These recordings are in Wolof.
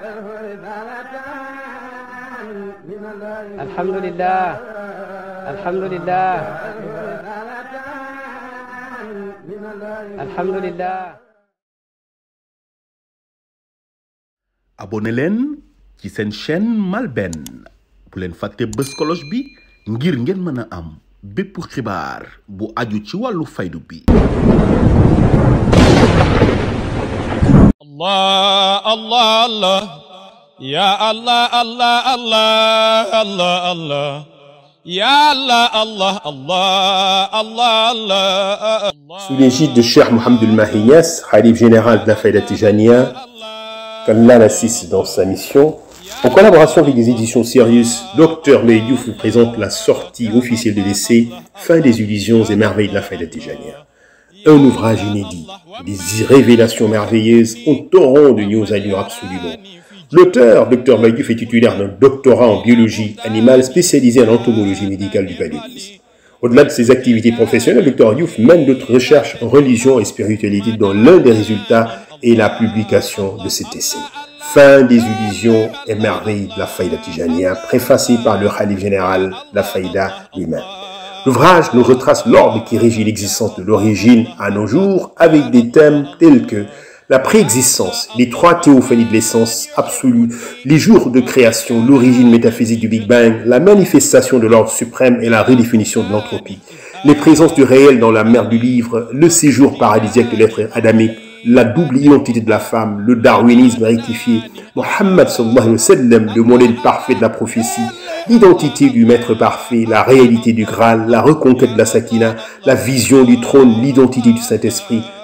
alhamdulilah alhamdulilah alhamdulilah. abonné leen ci seen chen malben bu leen fàtte bës bi ngir ngeen mëna am bépp xibaar bu aju ci wàllu faydu bi. الله الله الله يا الله الله الله الله الله يا الله الله الله الله الله Sous l'égide de Cheikh Mohamed El Mahi Niass, Khalif général de la Faïda Tijaniyya, qu'Allah l'assiste dans sa mission, en collaboration avec les éditions Sirius, Docteur Mehdi vous présente la sortie officielle de l'essai Fin des illusions et merveilles de la Faïda Tijaniyya. un ouvrage inédit, des révélations merveilleuses, un torrent de news à absolument. L'auteur, Dr Mbaye est titulaire d'un doctorat en biologie animale spécialisé en entomologie médicale du paludisme. Au-delà de ses activités professionnelles, Dr Diouf mène d'autres recherches en religion et spiritualité dont l'un des résultats est la publication de cet essai. Fin des illusions et merveilles de la Faïda Tijania, préfacé par le Khalif général, la Faïda lui L'ouvrage nous retrace l'ordre qui régit l'existence de l'origine à nos jours avec des thèmes tels que la préexistence, les trois théophanies de l'essence absolue, les jours de création, l'origine métaphysique du Big Bang, la manifestation de l'ordre suprême et la redéfinition de l'entropie, les présences du réel dans la mer du livre, le séjour paradisiaque de l'être adamique, la double identité de la femme, le darwinisme rectifié, Mohammed sallallahu alayhi wa sallam, le modèle parfait de la prophétie, l'identité du maître parfait, la réalité du Graal, la reconquête de la Sakina, la vision du trône, l'identité du Saint-Esprit,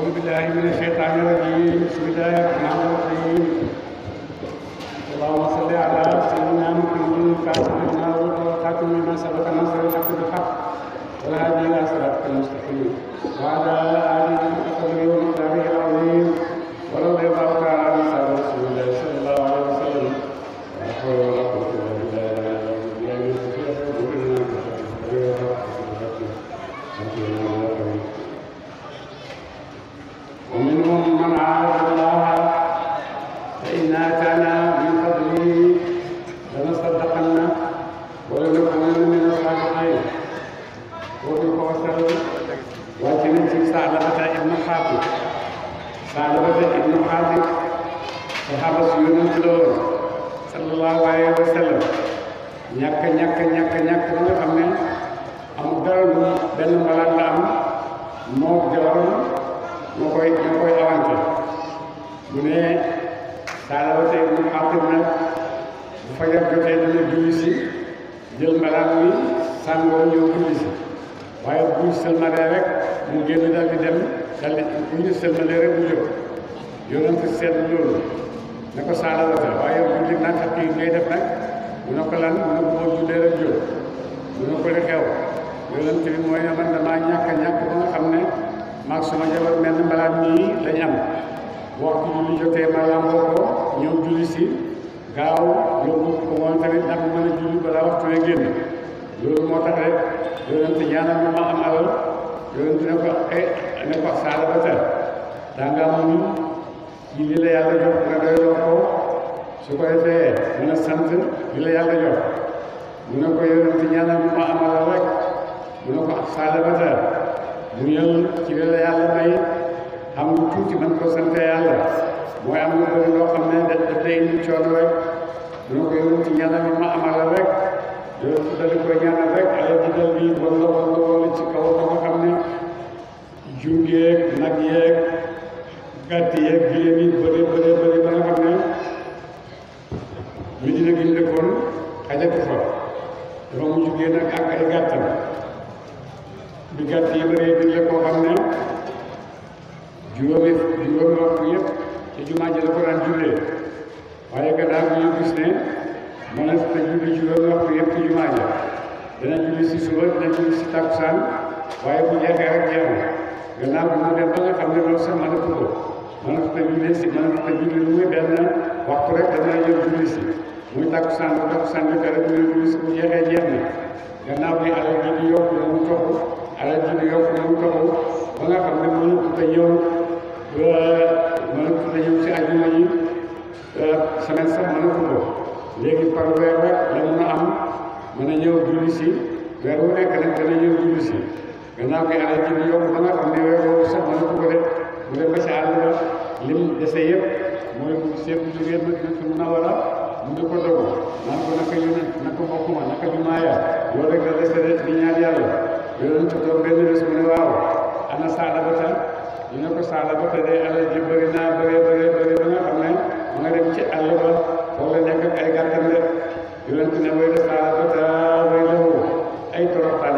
أعوذ بالله من الشيطان الرجيم بسم الله الرحمن الرحيم اللهم صل على سيدنا محمد الفاتح لما أغلق والخاتم لما سبق نصر الحق بالحق والهادي إلى صراطك المستقيم وعلى آله وصحبه ومن تبعه العظيم ورضي الله bu ne daanaka tey bu àgg nag bu fajar jotee dina julli si jël mbalaan mi sàngoo waaye bu sëlmalee rek mu génn dal di dem dal di bu ñu sëlmalee seet loolu ne ko saalawata waaye bu njëkk naa fekk yi ngay def nag mu ne ko lan mu ne ko boo rek jóg mu ne ko li xew yonent bi mooy ne man damaa ñàkk ñàkk ba nga xam ne maag sama jabar mel ni mbalaan lañ am bu waxtu julli jotee maanaam mbooloo ñëw julli si gaaw yóbbu ko moom tamit ndax mu mën a julli balaa waxtu wee génn loolu moo tax rek yonent ñaanal ma ma am alal yonent ne ko ay eh, ne ko saala ba tar danga mu ci li la yàlla jox nga doyloo ko su ko defee mën a sant li la yàlla jox mu ne ko yonent ñaanal ma ma am alal rek mu ne ko saala ba tar mu yël ci li la yàlla may am lu tuuti man ko sant yàlla mooy am lu bëri loo xam ne daf day indi coono rek dina ko yóbbu ci bi ma amal rek dali koy ñaanal rek ala jidal bi walla walla walla ci kaw dafa xam ne jur yeeg nag yeeg gàtt yeeg giléem bëri bëri ba nga xam ne mi dina gën dëkkoon xajatu fa dafa mujj génn ak ay gàttam bi gàtt yi bëree dina koo xam ne juróomi juróomi waxtu yëpp ci jumaa ji la ko daan jullee waaye gannaaw bi ñu gis ne mën na te julli juróomi waxtu yëpp ci jumaa ji dana julli si suba dana julli si takkusaan waaye bu jeexee rek jeex na gannaaw bi mu dem ba nga xam ne loolu sax mën na ko mën na te julli si mën na te julli lu muy benn waxtu rek dana jël julli si muy takkusaan bu takkusaan bi dara muy julli si bu jeexee jeex na gannaaw bi alal ji di yokk na mu toxu alal ji di yokk na mu toxu ba nga xam ne mënut te ñëw mënu ko dañu ci àjjuma a am a ñëw a ko dogu naan ko naka yonent naka mbokk ma benn bés mu ne waaw ana saada ba ñu ne ko saala ba te day alal ji bëri naa bëri bëri xam ne mu nga dem ci àll ba foofu la nekk ay gàttam rek yonent ne way la saala ba te way la ay toroxtaan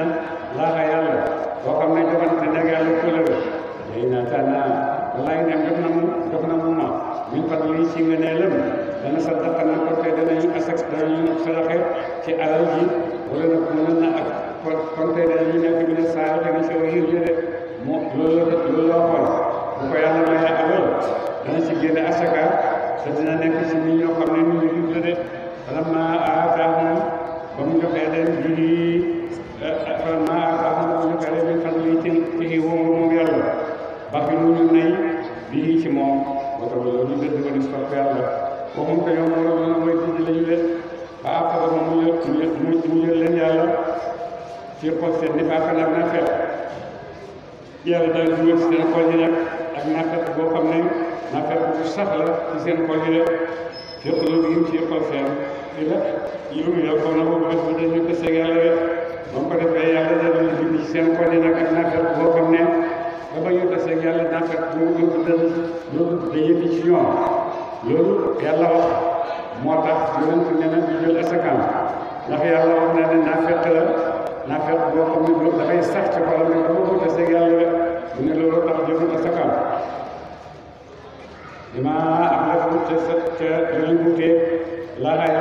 nan laaxa yàlla boo xam ne joxante nag yàlla kóllëre day naa tànnaa walaay nag jox na mu jox na mu ma min fadli na ko te ak kon te danañu nekk bi ne saa dana de moo loolu la loolu la xool bu ko yàlla mayee alal dana ci génne asaka te dina nekk ci ñi ñoo xam ne ñu ngi jub la de vraiment aataahum ba mu joxee leen julli ma ahmadou kare min fadlitin fihi wongo moom yàlla baxi nuñu nay bii ci moom wata wala ñu dëdd ko ni sopp yàlla waxum ko yow moo la mooy dindi lañu leen ba àqaba ma mu yël mu mu yël leen yàlla ci xol seen ni faaka nag naa xel yàlla daal dugal ci seen xol yi nag ak naa fekk boo xam ne naa fekk bu sax la ci seen xol yi rek fépp lu mu ci xol seen i la yow mi yow ko na ko bés bu dañu ko seeg yàlla rek ba mu ko defee yàlla dana la bind ci seen xol yi nag ak naafeq boo xam ne ba ba ñu deseeg yàlla naafeq bu mu yóbbu dënn loolu day yëfi ci ñoom loolu yàlla wax moo tax yonent ne na ñu jël asakam ndax yàlla wax na ne naafeq la naafeq boo xam ne loolu dafay sax ci xolam ne ba mu deseeg yàlla mu ne loolu tax jëful asakam lima am la fu ca sa ca julli bu tee laa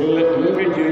loolu la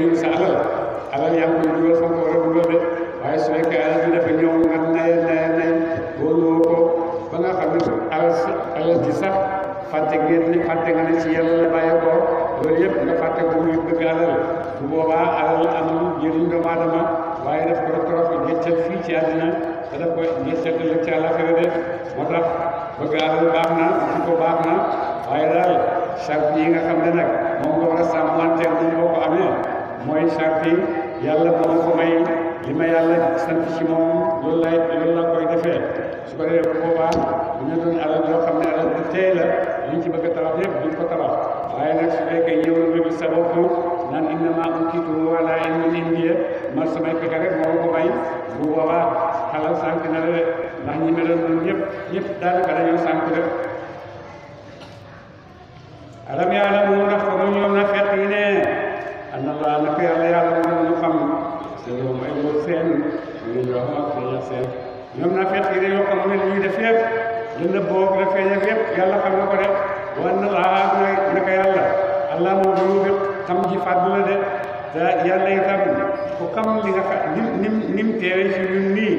moo gën a wér xam ji fàttali la de te yàlla itam ku xam li nga xam nim nim teewee ci ñun nii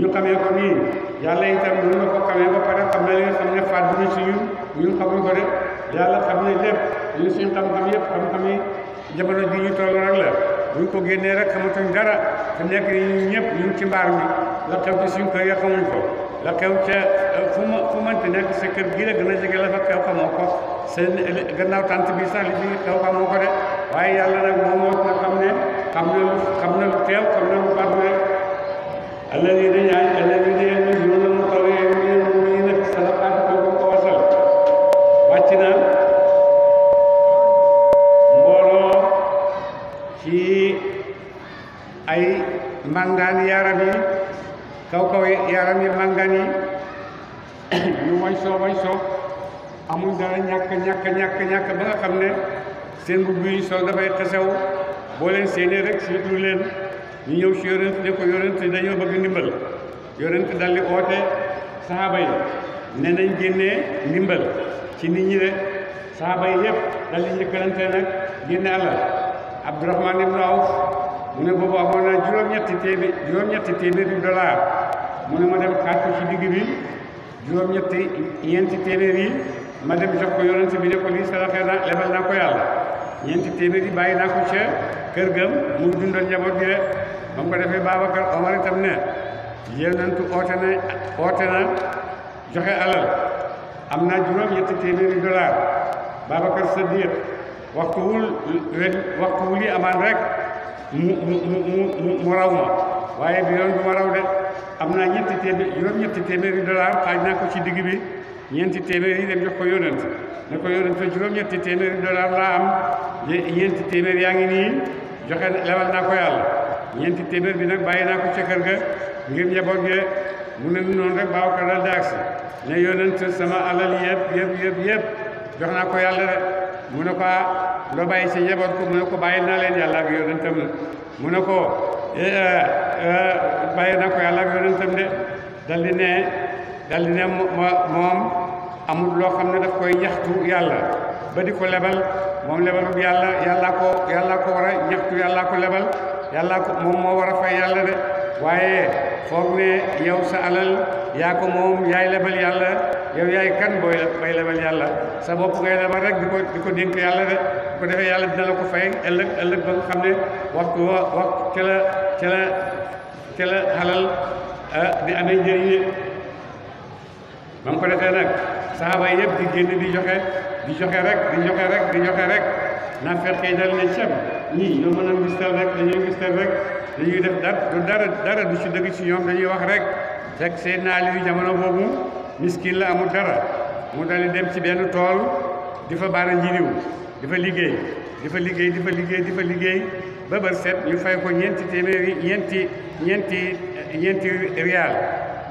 ñu xamee ko nii yàlla itam ñun la ko xamee ba pare xam na li xam ne fàttali ci ñun ñun xamuñ ko de yàlla xam ne lépp ñun suñu xam-xam yëpp xam-xam yi ji ñu toll rek la buñ ko génnee rek xamatuñ dara te nekk ñun ñëpp ñun ci mbaar mi la xew ci suñ ko ya xamuñ ko la xew ca Eh, fu ma fu mënti nekk sa kër gii la gën a jege la fa kaw xamoo ko seen eh, gannaaw tànt bi sax li fi kaw xamoo de waaye yàlla nag moom moo ko xam ne xam na lu xam na lu teew xam na lu baax na alladina yaay alladina yamiluna mutawwi'ina fi sadaqaati kooku ko wasal wàcc na mbooloo ci ay màngaan yaram yi kaw kaw yaram yi màngaan yi ñu way soo way soo amul dara ñàkk ñàkk ñàkk ñàkk ba nga xam ne seen mbubb yi soo dafay xesew boo leen séenee rek siitlu leen ñu ñëw si yonent ne ko yonent dañoo bëgg ndimbal yonent dal di oote saxaaba yi ne nañ génnee ndimbal ci nit ñi de saxaaba yi yëpp dal di njëkkalante nag génne alal Abdurahmaan ibn Awf mu ne boobu amoon na juróom-ñetti téeméer juróom-ñetti téeméeri dollar mu ne ma dem xaaj ko ci digg bi juróom-ñetti ñeenti téeméer ma dem jox ko yonent bi ne ko lii saraxee naa ko yàlla ñeenti téeméer yi bàyyi naa ko ca kër gam mu dundal njaboot gi de ba mu ko defee Omar itam ne yonentu oote na oote joxe alal am naa juróom-ñetti téeméeri dollar Babacar Sadiq waxtu wul waxtu wul amaan rek mu mu mu mu raw ma waaye bi du ma raw de. am naa ñetti téeméer juróom-ñetti téeméeri dollar xaaj naa ko ci digg bi ñeenti téeméer yi dem jox ko yónent ne ko yónent juróom-ñetti téeméeri dollar laa am ñeenti téeméer yaa ngi nii joxe lebal naa ko yàlla ñeenti téeméer bi nag bàyyi naa ko ca kër ga ngir njaboot ge mu ne noonu rek baaw ko dal di agsi ne yónent sama alal yëpp yëpp yëpp jox naa ko yàlla rek mu ne ko ah, loo bàyyi sa njaboot ko mu ne ko bàyyi naa leen yàlla ak yónentam ko Eh, eh, bàyyi na ko yàlla ak yonentam de dal ne dal ne moom amul loo xam ne daf koy ñaxtu yàlla ba di ko lebal moom lebalul yàlla yàllaa ko yàllaa ko war a ñaxtu yàllaa ko lebal a fay yàlla de sa alal yaa ko moom ngay lebal rek di ko di ko dénk yàlla de bu ko defee yàlla dina la ko fay ëllëg ëllëg ba nga xam ne waxtu wax ca la ca la ca la xalal ah, di amee njëriñ yëpp ba mu nag saxaaba yëpp di génn di joxe di joxe rek di joxe rek di joxe rek naa fekkee dal ne cem ñii ñoo mën a ngistal rek dañuy ngistal rek dañuy def dara du dara dara du ci dëgg ci ñoom dañuy wax rek fekk seen naali yu jamono boobu miskin la amul dara mu dali dem ci benn tool di fa baara njiriw di fa liggéey di fa liggéey di fa liggéey di fa liggéey ba bër set ñu fay ko ñeenti téeméeri ñeenti ñeenti ñeenti riyaal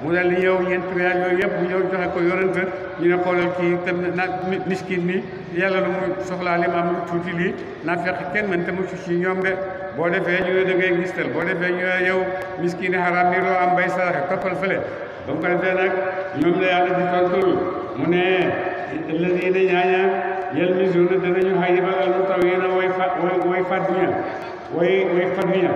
mu daal di ñëw ñeenti riyaal yooyu yëpp mu ñëw joxe ko yorante ñu ne xoolal kii te na miskin mi yàlla lu mu soxlaa li maam lu tuuti lii naa fekk kenn mën te ñoom de boo defee ñu ne da ngay ngistal boo defee ñu ne yow miskin yi xaraam bi loo am bay saraxe toppal fële ba mu ko defee nag ñoom la yàlla di tontu mu ne lësiina ñaaña yel misuuna danañu xay yibal almutawiina way fat way fat ña way waykat yi ña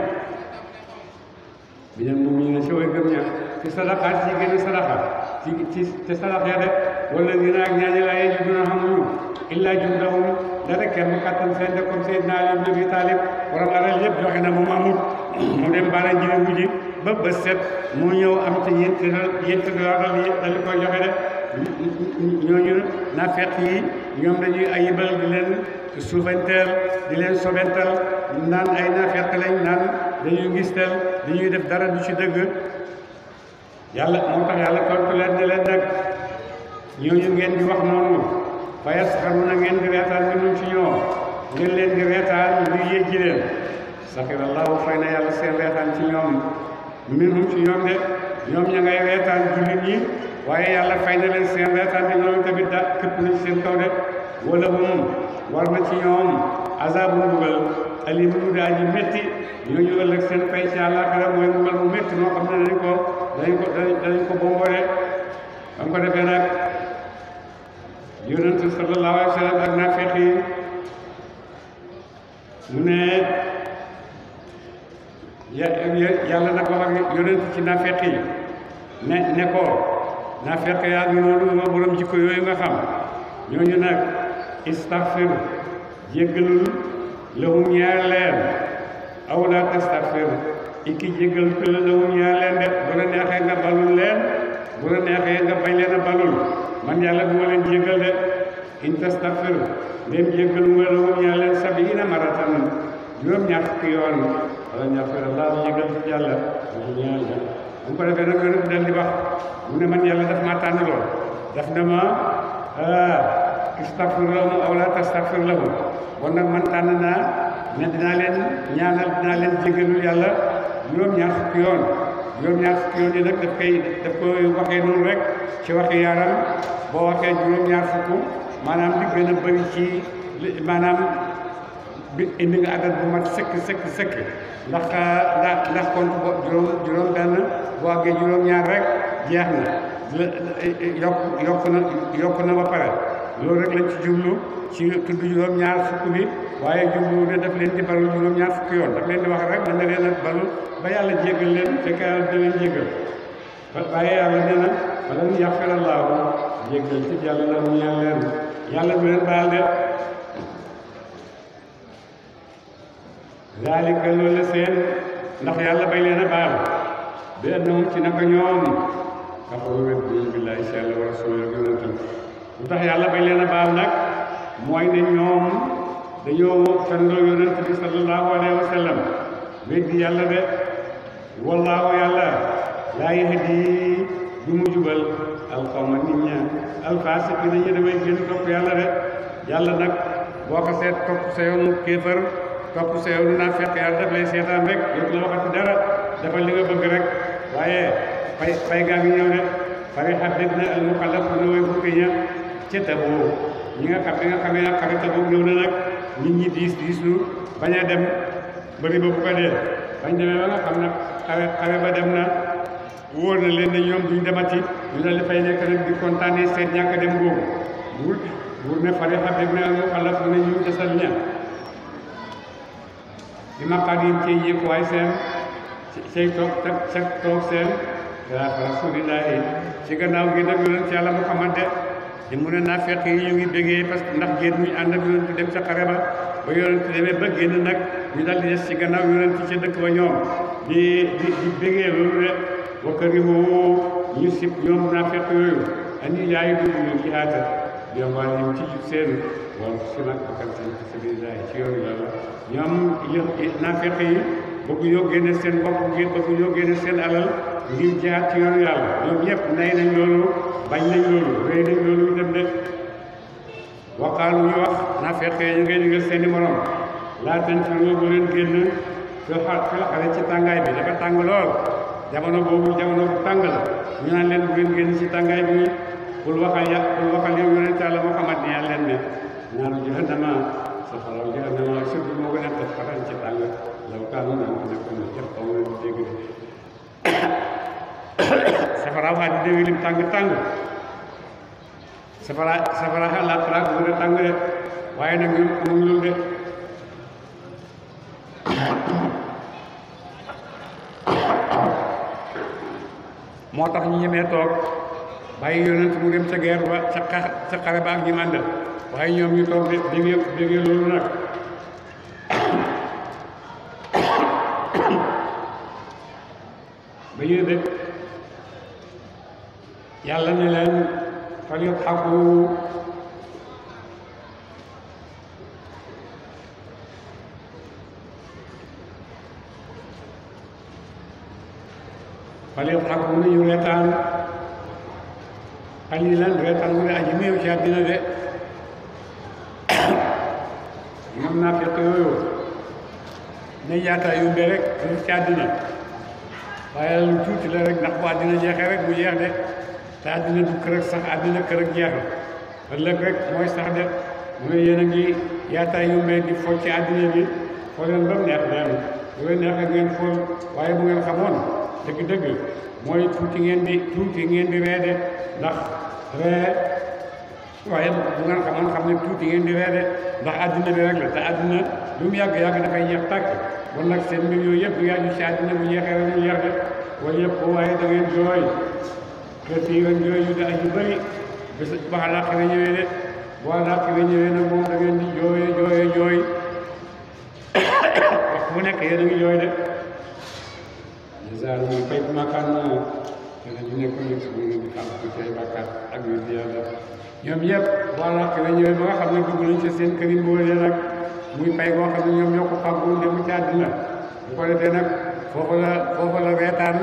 bi leen moom ñu ne si way gëm ña ci sadaxaat ci gën a sadaxaat ci ci te sadaxee rek wala ñu ne ak ñaañi laa yee ñu duna xamuñu illaa jundahum dara kenn kattan seen de comme Seydina Ali ibn Abi Talib borom alal yëpp joxe na moom amul mu dem baala njëre wuji ba bës set mu ñëw am te yént yénti doaral yi dal di koy joxe de ñooñu na fekk yi ñoom dañuy ayibal di leen suufantel di leen sobental naan ay naafeq lañ naan dañuy ngistal dañuy def dara du ci dëgg yàlla moo tax yàlla tontu leen ne nag ñooñu ngeen di wax noonu fa yasxaruuna ngeen di reetaan minhum ci ñoom ngeen leen di reetaan ñu yéjji leen saxira allahu fay seen reetaan ci ñoom minhum ci ñoom de ñoom ña reetaan jullit ñi waaye yàlla fay leen seen reetaan bi ñoom tamit da këpp na ci seen wala moom war na ci ñoom azabum mbugal alim mu daa ji métti ñooñu ëllëg seen pay ci àllaaxira mooy mbugal mu métti moo xam ne danañ ko ko danañ ko ko defee nag yonent sallallahu alayhi wa sallam ak naa fekki ne yàlla nag wax ak ci naa fekki ne ne ko ma borom jikko yooyu nga xam ñooñu nag istaxfir jéggalul lahum yaa leen aw laa tastaxfir iki jéggal ku la lahum yaa leen de bu la neexee nga balul leen bu la neexee nga bañ leen a balul man yàlla du ma leen de in tastaxfir ndéem jéggal mu lahum yaa leen sabiina maratan juróom ñaar fukki yoon wala ñaar fukki yoon laa jéggal ci yàlla lahum yaa leen bu ko defee nag yoonu bi dal di wax mu ne man yàlla daf maa tànn lool daf ne ah, tastagfir lahu aw a tastagfir lahu bon nag man tànn naa ne dinaa leen ñaanal dinaa leen jégalul yàlla juróom-ñaar fukki yoon juróom-ñaar fukki yoon yi nag koy daf koy waxee noonu rek ci waxi yaaram boo waxee juróom-ñaar fukk maanaam li a bëri ci maanaam bi indi nga adat bu mat sëkk sëkk sëkk ndax ah, ndax ndax juróom juróom benn boo àggee juróom-ñaar rek jeex na yokk yokk na yokk loolu rek lañ ci jublu ci tudd juróom-ñaar fukk bi waaye jublu ne daf leen di balul ñaar fukk yoon daf leen di wax rek dana leen a ba yàlla jéggal leen fekk yàlla dana na mu ñaan leen yàlla du leen baal de zaalika loolu seen ndax yàlla bay leen a baal bi annahum ci naka ñoom kafaru bi billahi wa rasulihi lu tax yàlla bañ leen a baal nag mooy ne ñoom dañoo fendoo yonent bi sallallahu alayhi wa sallam weddi yàlla de wallaahu yàlla laa yahdi du mu jubal alxawma nit ña alfaasiq bi dañu demay gën topp yàlla de yàlla nag boo ko seet sa yoonu kéefar topp sa yoonu naafeq yàlla daf seetaan rek yëpp la waxati dara dafa li bëgg rek waaye fay fay gaa ngi ñëw de fari xaddit na al muxallaf na way bukki ña ca Tabuk ñi nga xam bi nga xamee nag xare Tabuk ñëw na nag nit ñi diis diis lu bañ a dem bëri ba bu ko nga xam ne ñoom duñ demati ñu ne fare ne ñu desal ña bi ma xaar yéen cee yéekuwaay seen cey toog teg toog seen yaa rasulillahi ci gannaaw gi nag yonent de te mu ne naafeq yi ñu ngi bëggee parce que ndax génn ñu ànd ak yonent dem ca xare ba ba yonent demee ba génn nag ñu dal des ci gannaaw yonent ca dëkk ba ñoom di di di bëggee loolu de wakka riwoo ñu sib ñoom naafeq yooyu ani yaayu dugg ñu jihaata joomaan yi ci yi bëgg yoo génne seen bopp ngir bëgg yoo génne seen alal ngir jaar ci yoonu yàlla ñoom ñëpp nay nañ loolu bañ nañ loolu rëy nañ loolu itam de waxaalu ñu wax naa fekkee ñu ngay digal seen i morom laatan ci loolu bu leen génn ci tàngaay bi dafa tàng lool jamono boobu jamono bu tàng la ñu naan leen bu leen génn ci tàngaay bi bul waxal ya bul waxal yow yonent yàlla Muhammad ne yaa leen ne naaru jahannama safara jahannama surtout moo melokaanu naa ne di dégg lim tàng tàng safara safara xalaat laa ko gën a tàng de waaye nag ñun mu ngi loolu de moo tax ñu ñemee toog bàyyi yonent mu dem ca guerre ba ca ba ak ñi àndal waaye ñoom ñu toog de dégg dégg loolu nag ñuy dëkk yàlla ne leen falyadhaku falyadhaku nañu reetaan qalilan reetaan mu ne aji néew ci àddina de mën naa fekk yooyu ne yaata yumbe rek ci àddina waaye lu tuuti la rek ndax bu àddina jeexee rek bu jeex de te àddina du kër ak sax àddina kër ak ëllëg rek mooy sax de mu ne yéen a ngi yaataay di fo ci àddina bi foo leen ba neex naan bu leen neexee ngeen fo waaye bu ngeen xamoon dëgg-dëgg mooy tuuti ngeen di tuuti ngeen di ree de ndax ree waaye bu ngeen xamoon xam ne tuuti ngeen di reere ndax àddina bi rek la te àddina lu mu yàgg-yàgg dafay jeex tàkk bon nag seen mbir yooyu yëpp yaa ngi si àddina bu jeexee rek mu jeex de wala yëpp waaye da ngeen jooy kasiiran jooy yu de ak yu bëri bés ba àllaaxira ñëwee de bu àllaaxira ñëwee nag moom da ngeen di jooyee jooyee jooy wax bu nekk yéen a ngi jooy de dèjà ñun béy bu ma kàddu naa dana dina ko yëg si bu ngeen di xam ci ay bàkkaar ak yu yàlla ñoom ñëpp wala xëy ñooy ba nga xam ne dugg nañ ci seen kër yi mboole nag muy pay boo xam ne ñoom ñoo ko fàggu dem ci àddina bu ko defee nag foofu la foofu la reetaan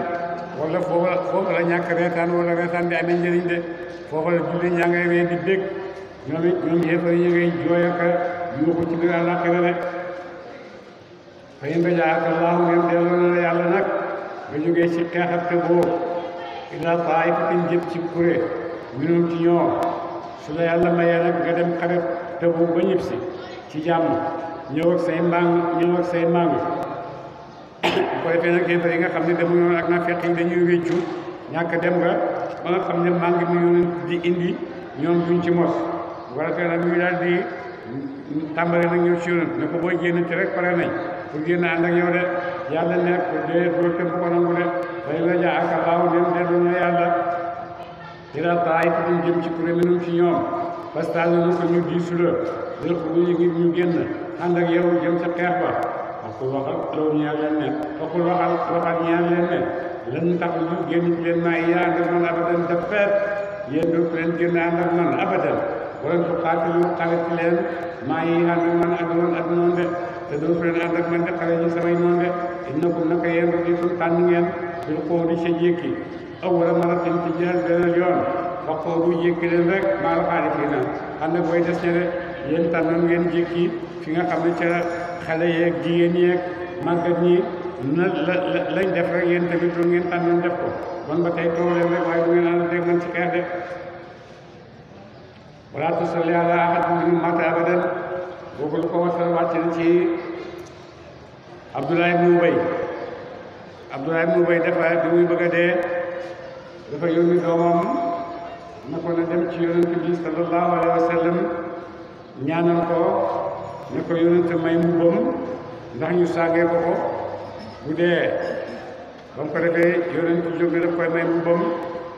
wala foofu la ñàkk reetaan wala reetaan bi amee njëriñ de foofu la julli ñaa ngay ree di dégg ñoom it ñoom ngay jooy ak ci biir àllaaxira rek fa in rajaaka Allaahu ngeen delloo yàlla nag nga jógee ci xeexat te boobu ilaa taa'ifatin jëm ci kuréel minhum ci ñoom su la yàlla mayee nag nga dem xarit te ba ñëpp si ci jàmm ñëw ak say mbaam ñëw ak say mbaam bu ko defee nag yéen yi nga xam ne demu ñoon ak naa fekk dañuy wéccu ñàkk dem nga ba nga xam ne màng mi yonent di indi ñoom duñ ci mos bu ko ñu daal di nag ñëw ci yonent ne ko booy génn ci rek pare nañ pour génn ànd ak yow de yàlla nekk dee doo te bu ko nangu de day la jaa ak alaaw dem dellu na yàlla ilaa taayifatin jëm ci kuréel minum ci ñoom fastaa na ko ñu diisu la dil xuruuji ngir ñu génn ànd ak yow jëm ca xeex ba waxul waxal law ñeel leen ne waxul waxal waxal ñeel leen ne lan tax ñu génn leen maa yaa ànd man abadan dafeet yéen dootu génn ànd man abadan wala su xaatilu xarit leen maa yi ànd ak man ak ak noon te dootu leen man de xale ñi samay noon de innakum naka yéen rek yi tànn ngeen bil aw wala maratin ci jël beneen yoon waxoo bu jékki leen rek maal xaalifiina xam ne fi nga xam ne ca xale yeeg jigéen yeeg màggat def rek yéen tamit ngeen tànnoon def ko man ba tey toog leen rek waaye du ngeen ànd dégg man ci xeex de wala tusalli ala ahadin minhum mata abadan boogul ko wasal wàcc na ci Abdullah ibn Ubay Abdullah ibn Ubay dafa bi muy bëgg dee dafa yónni doomam na ko na dem ci yonent bi sallallahu alayhi wa sallam ñaanal ko ne ko yonent may mbubbam ndax ñu saagee ko bu dee ba ko defee yonent jóg ne daf koy may mbubbam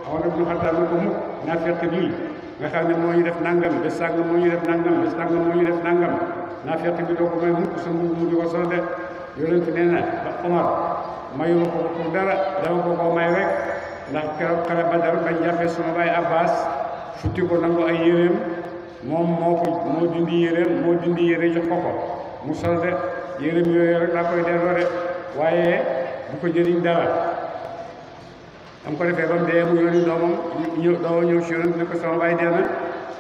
Omar ibn Khattab ne ko mukk naafeq bi nga xam ne moo ñu def nangam bés sàngam moo ñu def nangam bés sàngam moo ñu def nangam naafeq bi doo ko may mukk sa mbubb mu di ko sol de yonent nee na ba Omar mayuma ko ko dara dama ko ko may rek ndax keroog xare Badar bañ jàppee suma baay futti ko nangu ay yéreem moom moo ko moo dindi yéreem moo dindi yére jox ko ko mu sol de yéreem yooyu rek laa waaye bu ko jëriñ dara am ko defee ba dee mu yónni doomam ñëw doomam ñëw si yonent ne ko sama dee na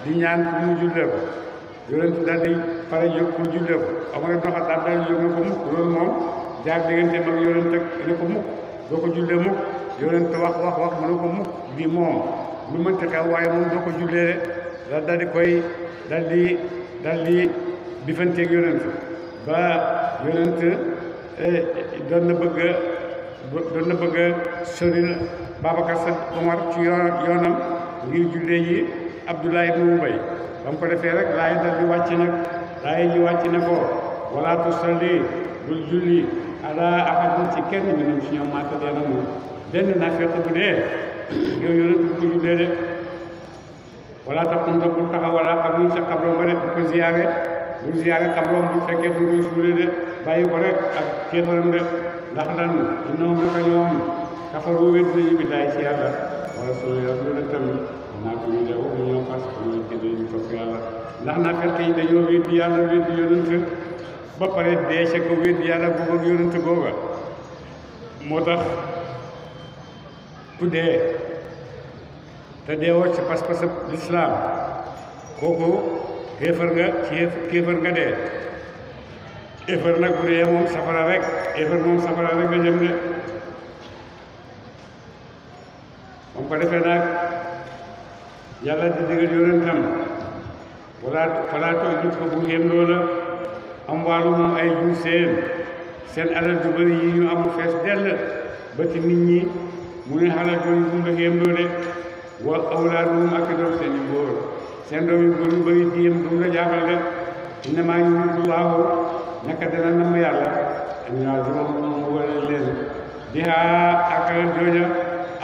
di ñaan mu jullee ko yonent daal di pare jóg pour jullee ko Omar ibn Khattab daal di jóg ne ko mukk loolu moom jaar diggante mag yonent ak ne ko mukk doo ko jullee mukk yonent wax wax wax mu ne ko mukk bi moom lu mënti xew waaye moom doo ko jullee la koy dal di dal di ba yonent eh, doon na bëgg doon na bëgg a sori ci yoonam ngir jullee yi Abdoulaye ibn Ubay ba ko defee rek laay dal di wàcc laay ji wàcc na ko wala tusalli bul julli ala ahadin ci kenn minum si ñoom maata dee na benn naa fekk bu dee yow yonent bu jullee de wala tax mu ne bul taxawalaa xam ni sa xabroom ba de bu ko ziyaare bul ziyaare xabroom bu fekkee fu ñu suulee de bàyyi ko rek ak kéemaram de ndax lan ñoom naka ñoom ko ñu de waxu ñoom parce que ñoom ci dañu topp yàlla ndax naa fekk yi dañoo wéddi yàlla wéddi yonent ba pare dee ca ko wéddi yàlla bëgg ak yonent moo tax ku dee te deewoo ci pas-pasab lislaam kooku kéefar nga ci kéefar nga dee kéefar nag bu dee moom safara rek kéefar moom safara rek nga de moom ko defee nag yàlla di digal yonentam wala falaa too ko bu ngeen loola am waalu moom ay jur seen alal ju yi ñu am fees dell ba ci nit ñi mu ne xale ko ñu la yem loo de wa ak doom seen i góor seen doom yu góor yu bëri di yem du mu la jaaxal de innamaa yuriidullaahu naka dana nam yàlla an yu'azzibahum mu wala leen bihaa jooja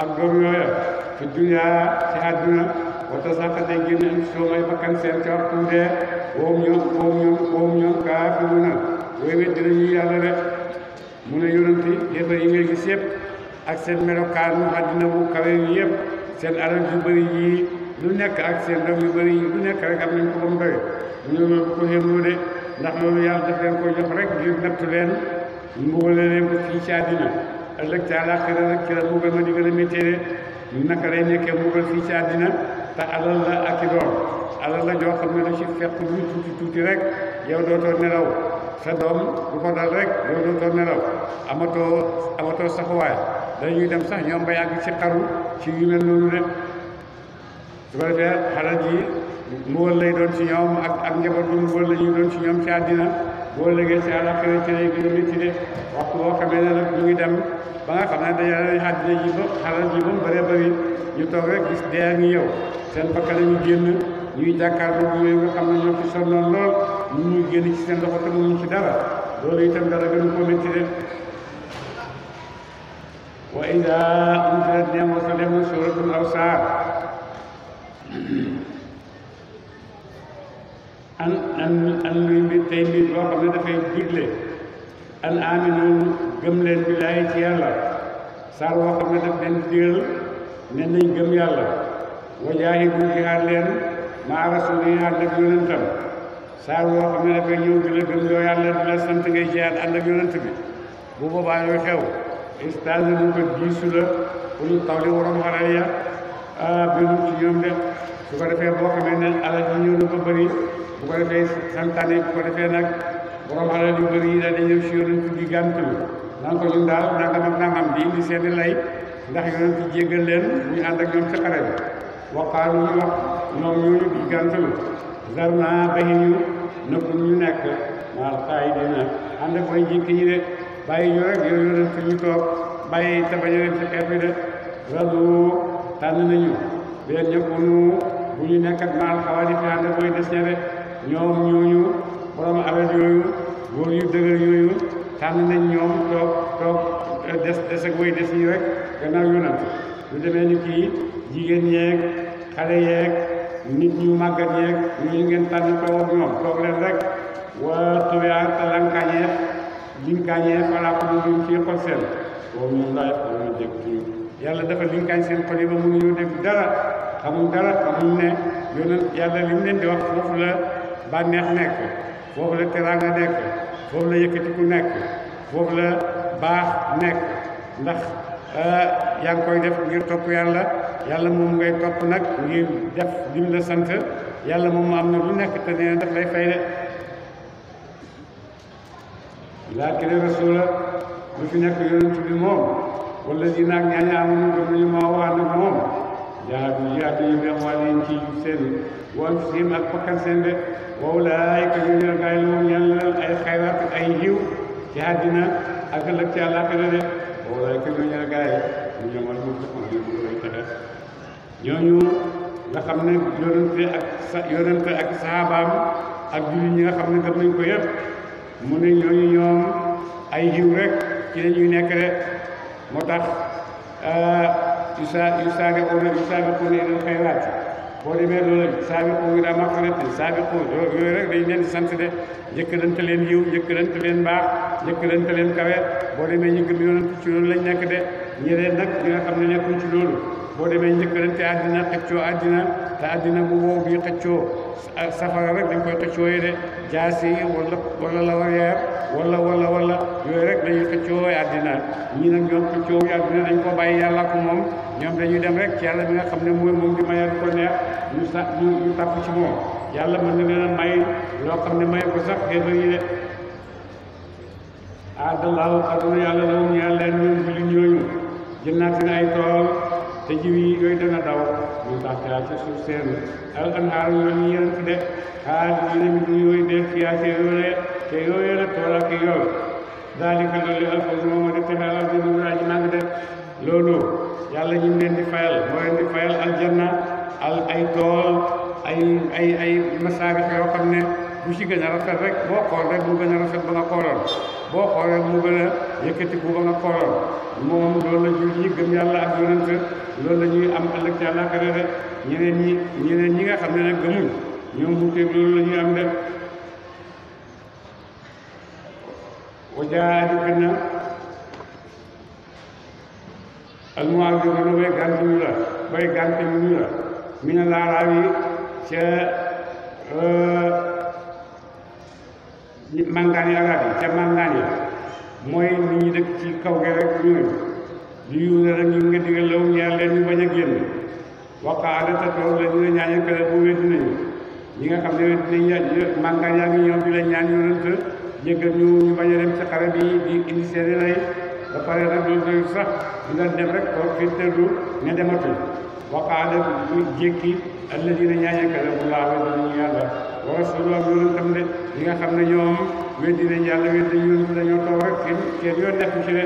ak doom yooya fi duniyaa ci àdduna wata sax day génn am soo may bakkan seen ka tuude woom ñoom woom ñoom woom ñoom kaafiruuna wéy wet yàlla de mu ne yonent yéefar yi ngay gis ak seen melokaanu àddina bu kawe yi yëpp seen alal yu bëri yi lu nekk ak seen doom yu bëri yi lu nekk rek am nañ ko ba mu doy ñoom ñoo ko xéemloo de ndax loolu yàlla daf leen ko jox rek ci la mbugal ma di gën a méttee naka lay nekkee mbugal fii ci àddina te alal la ak i doom alal la joo xam ne lu ci fekk lu tuuti tuuti rek yow dootoo nelaw sa doom bu ko dal rek yow dootoo nelaw amatoo amatoo saxuwaay ñuy dem sax ñoom ba yàgg ci xaru ci yu mel noonu rek su ko defee xalat yi lay doon ci ñoom ak ak njaboot bi mbugal doon ci ñoom ci àddina boo légee ci àllaaxira ci lay gën a dem ba nga xam ji ba xalat yi ñu toog rek gis dee ak yow seen bakkan ñu génn ñuy jàkkaarloo bu yooyu nga xam ne ñoo ci sonnoon lool ñu ñuy génn ci seen loxo te mënuñ ci dara loolu itam dara gënu ko métti de wa ida unzilat ilayhim suuratun aw saar an an an luy mbir tey mbir boo xam ne dafay digle an aminu gëm leen billaahi ci yàlla saar boo xam ne daf leen digal ne nañ gëm yàlla wa jaahidu jihaad leen maa rasuuli ànd ak yonentam saar boo xam ne dafay ñëw di la gëm yàlla di sant ngay jihaad ànd ak yonent bi bu boobaa yooyu xew stage bi nga gisu la bu ñu taw li waroon xaral ya bi mu ci ñoom de bu ko defee boo xamee ne alal ji ñëw na ko bëri bu ko defee santaane bu ko defee nag borom alal yu bëri yi daal di ñëw si yonent bi gàntu naan ko ñun daal nangam ak nangam di indi seeni lay ndax yonent bi jéggal leen ñu ànd ak ñoom ci xare bi waxaaru ñu wax ñoom ñooñu di gàntu zarna bahin ñu nëpp ñu nekk maal xaay dina ànd ak way jékki ñi de bàyyi ñu rek yow ñu toog bàyyi te bañ a ci xeet bi de radu tànn nañu beneen ñëpp nu bu ñu nekk ak maal xawaat yi fi ànd mooy des ña de ñoom ñooñu borom awet yooyu góor yu dëgër yooyu tànn nañ ñoom toog toog des des ak des ñi rek gannaaw yonent lu demee ni kii jigéen yeeg xale yeeg nit ñu màggat yeeg ñu ngeen tànn toog ak ñoom toog leen rek wa tuyaar te lankaañeef linkaañee falaa quluubihim fii qulubin wa hum laa yafqahuun dégg yàlla dafa linkaañ seen xol yi ba mënuñu dégg dara xamuñ dara xamuñ ne yonent yàlla li mu leen di wax foofu la bànneex nekk foofu la teraanga nekk nekk foofu la baax nekk ndax euh, yaa ngi koy def ngir topp yàlla yàlla moom ngay topp nag ngir def lim la sant yàlla moom am na lu nekk te nee na daf fay de laakine rasula lu fi nekk yonent bi moom wala di naag ñaaña amuñu gëm nañu maa wax na moom jaadu jaadu yi bi amwaalihim ci seen wa anfusihim ak bakkan seen de wa ulaayika ñu ñeel gaay la moom ñaan leen ay xayraat ak ay yiw ci àddina ak ëllëg ci àllaaxira de nga xam ne yonent ak sa ak saabaam ak nga xam ne gëm nañ ko yëpp mu ne ñooñu ñoom ay jiw rek ci la ñuy nekk rek moo tax euh, yu saa yu saaga oona yu saaga oona yi xëy waat boo demee loolu saaga oona daa mag rek saaga oona yooyu rek dañ leen di sant de njëkkalante leen yiw njëkkalante leen baax njëkkalante leen kawe boo demee ñu gëm yoonam ci loolu lañ nekk de ñeneen nag ñi nga xam ne nekkuñ ci loolu boo demee njëkkalante àddina xëccoo àddina te àddina bu wow bi xëccoo safara rek dañ koy xëccooyee de jaasi wala wala lawareer wala wala wala yooyu rek dañuy xëccoo àddina ñi nag ñoom xëccoo àddina dañ ko bàyyi yàlla ko moom ñoom dañuy dem ci yàlla bi xam ne mooy moom di mayal ko neex ñu sa ñu ñu ci moom yàlla mën na leen may loo xam ne may ko sax xéeba yi de ah dalaaw xaduna yàlla la woon yàlla leen ñun julli ñooñu jënnaati na ay tool te jiw yi yooyu dana daw ñu tax ca ca al anhaar yoon yi yërënt de xaal yi ne mi yooyu de fiyaa ca yooyu te yooyu la tool ak yooyu loolu al fawzu moom de texe al azimu raa ji màgg de loolu yàlla ñu leen di fayal moo leen di fayal aljanna al ay tool ay ay ay masaaga yoo xam ne bu ci gën a rek boo xool rek mu gën a ba nga xooloon boo xool rek mu gën a yëkkati ba nga xooloon moom loolu la jullit ñi yàlla ak yonent loolu la ñuy am ëllëg ci àllaaxira de ñeneen ñi ñeneen ñi nga xam ne nag gëmuñ ñoom bu teeg loolu la na bay gànti la bay gànti ñu la yi ca euh, nit màngaan yi araab yi te màngaan yi mooy nit ñi dëkk ci kaw ge rek ñooñ ñu yuure rek ñu nga digal law ñeer leen ñu bañ a génn waqaale te toog la ñu ne bu weddi ñi nga xam ne weddi nañu màngaan yaa ngi ñëw di ñaan yonent jéggal ñu ñu bañ a dem ci xare bi di indi seeni rey ba pare nag loolu doyul sax ñu daan dem rek toog fi tëddu ne dematul waqaale bu jékki alladiina ñaañu kale bu laawa dañu yàlla wa rasuulu ak yonentam de ñi nga xam ne ñoom weddi yàlla weddi ñun dañoo toog rek kenn kenn yoo nekk ci ne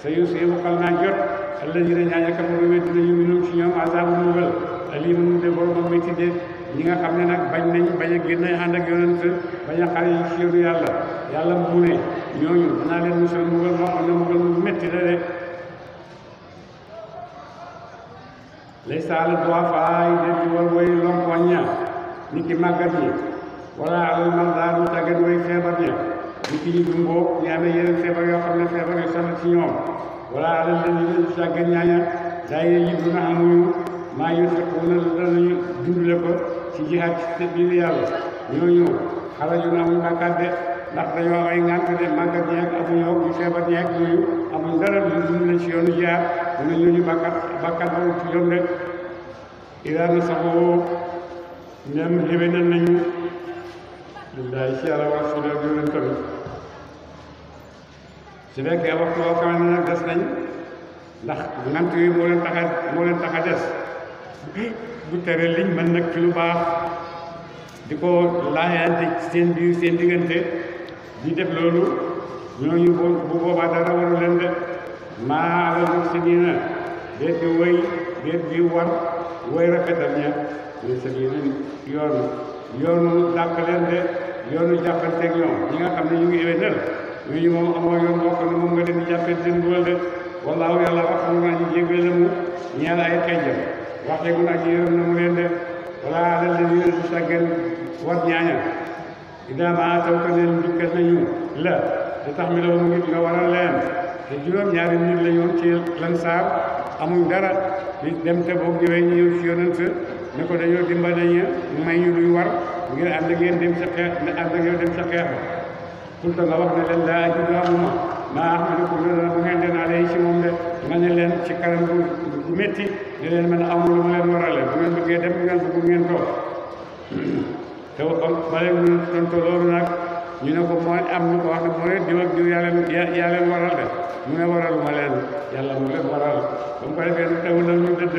sa yu si xal naa jot xel ñi ne ñaaña kafaru a métti de ñi nga xam ne nag bañ nañ bañ a génn ànd ak yonent bañ a xar yi ci yoonu yàlla yàlla mu ne ñooñu danaa leen musal mbugal moo xam ne mbugal mu métti la de lay saal duwaa faay de di war woy lompoñ ña ni ki màggat ñi wala amul man daa du way feebar ña di ki ñu dumboo amee yeneen feebar yoo xam ne feebar yi sama ci ñoom wala alal la ñu leen ñaaña daa yi duna amuñu maa yu fekk na danañu dundule ko ci jihaat ci biir yàlla ñooñu xaraju na amuñ bàkkaat de ndax dañoo am ay ngànk de màggat ñeeg amuñoo ñu feebar ñeeg ñooñu amuñ dara lu dundule ci yoonu jihaat dana ñooñu bàkkaat bàkkaat amul ci ñoom de iraana saxoo ndem xewe nañu billaay si loolu waxtu boo xam ne des nañ ndax ngant yi moo leen tax a moo leen tax a des bu tere liñ mën nag ci lu baax di ko laayante seen biir seen diggante di def loolu ñooñu bu boobaa dara leen de maa la muxsinina déet di wëy déet di war wëy rafetal ña mais sëñ yoonu yoonu dàq leen de yoonu jàppanteeg ñoom ñi nga xam ne ñu ngi éwénal ñooñu moom amoo yoon boo xam nga leen di jàppante seen dugal de wallaahu yàlla raxam naa ñu jégal la mu ñeel ay xejjam waxee gun ak yërëm na mu leen de wala alal la ñu su sàggan war ñaaña idaa maa taw ko leen njukkat nañu la te tax mi la mu ngi nga waral leen te juróom ñaari nit la ñoon ci lan saar amuñ dara di dem te boog ñëwee ñu ñëw ci ne ko dañoo dimbale ñu may ñu luy war ngeen ànd ngeen dem sa xeex ne nga wax ne leen laa ajudu amuma maa ma ma leen warale bu ngeen bëggee dem bu ngeen bëgg ngeen toog te am na ko wax ne mooy diw ak diw yaa leen mu ne waral ma mu leen waral ba mu ko defee nu teewul ñu dëdd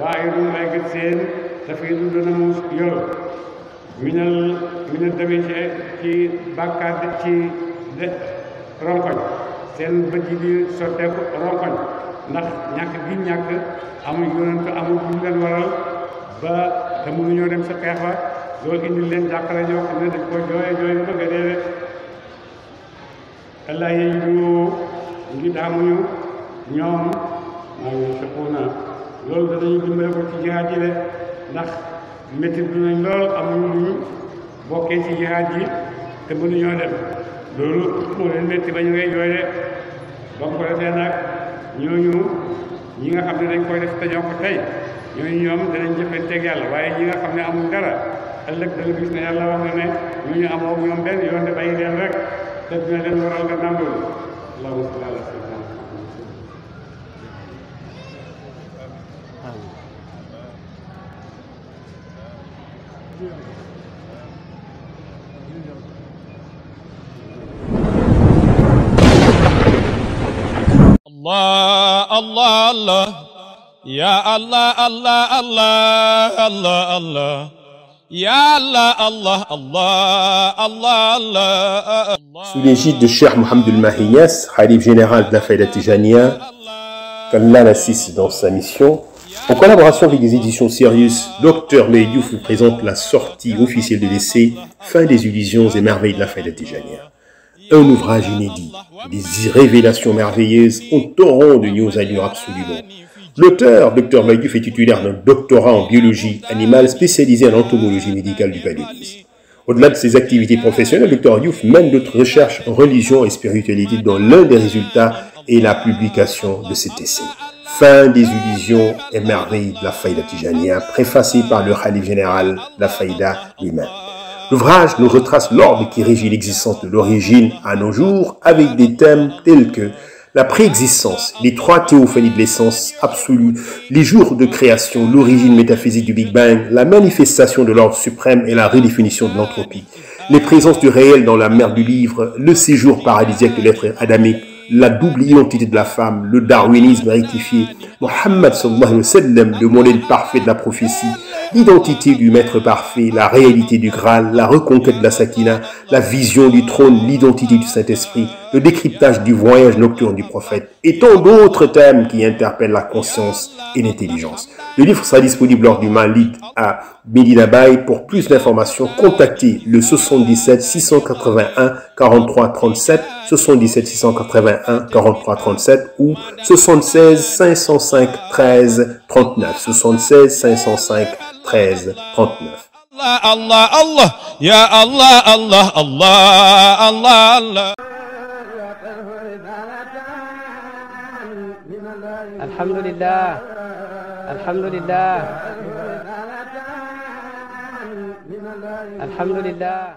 waaye du may gët dafay du dana mu yor minal minal demee ci ci bàkkaar ci de ronkoñ seen bët yi di sotteeku ronkoñ ndax ñàkk gi ñàkk amul yonent amul bu leen waral ba te mënuñoo dem sa xeex ba loolu indi leen jàqale ñoo xam ne dañ ko jooye jooye ba bëgga dee allah yi ñu ngi daamuñu ñoom maa ngi suquuna loolu danañu dimbale ko ci jihaat yi ndax métti du nañ lool amuñu lu ñu bokkee ci jihaad ji te mënuñoo dem loolu moo leen métti ba ñu ngay jooy de ba mu ko defee nag ñooñu ñi nga xam ne dañ koy def te ñoo ko tey ñooñu ñoom danañ jëfanteeg yàlla waaye ñi nga xam ne amul dara ëllëg dana gis ne yàlla wax na ne ñu ñu amoo ñoom benn yoon de bàyyi leen rek te dina leen waral nga nangul الله الله الله يا الله الله الله الله الله يا الله الله الله الله الله Sous l'égide de Cheikh Mohamed El Mahi Niass, Khalif général de la Faida Tijaniya, qu'Allah l'assiste dans sa mission, en collaboration avec les éditions Sirius, Docteur Mehdi vous présente la sortie officielle de l'essai Fin des illusions et merveilles de la Faida Tijaniya. un ouvrage inédit, des révélations merveilleuses, un torrent de news à lire absolument. L'auteur, Dr Maïduf, est titulaire d'un doctorat en biologie animale spécialisé en entomologie médicale du paludisme. Au-delà de ses activités professionnelles, Dr Youf mène d'autres recherches en religion et spiritualité dont l'un des résultats est la publication de cet essai. L'ouvrage nous retrace l'ordre qui régit l'existence de l'origine à nos jours avec des thèmes tels que la préexistence, les trois théophanies de l'essence absolue, les jours de création, l'origine métaphysique du Big Bang, la manifestation de l'ordre suprême et la redéfinition de l'entropie, les présences du réel dans la mer du livre, le séjour paradisiaque de l'être adamique, la double identité de la femme, le darwinisme rectifié, Mohammed sallallahu alayhi wa le modèle parfait de la prophétie, l'identité du maître parfait, la réalité du Graal, la reconquête de la Sakina, la vision du trône, l'identité du Saint-Esprit, le décryptage du voyage nocturne du prophète et tant d'autres thèmes qui interpellent la conscience et l'intelligence. Le livre sera disponible lors du Malik à Medina Pour plus d'informations, contactez le 43 37 77 681 43 37 ou 76 505 13 39 76 505 13 39. Allah Allah Allah ya Allah Allah Allah Allah Allah. alhamdulilah alhamdulilah alhamdulilah.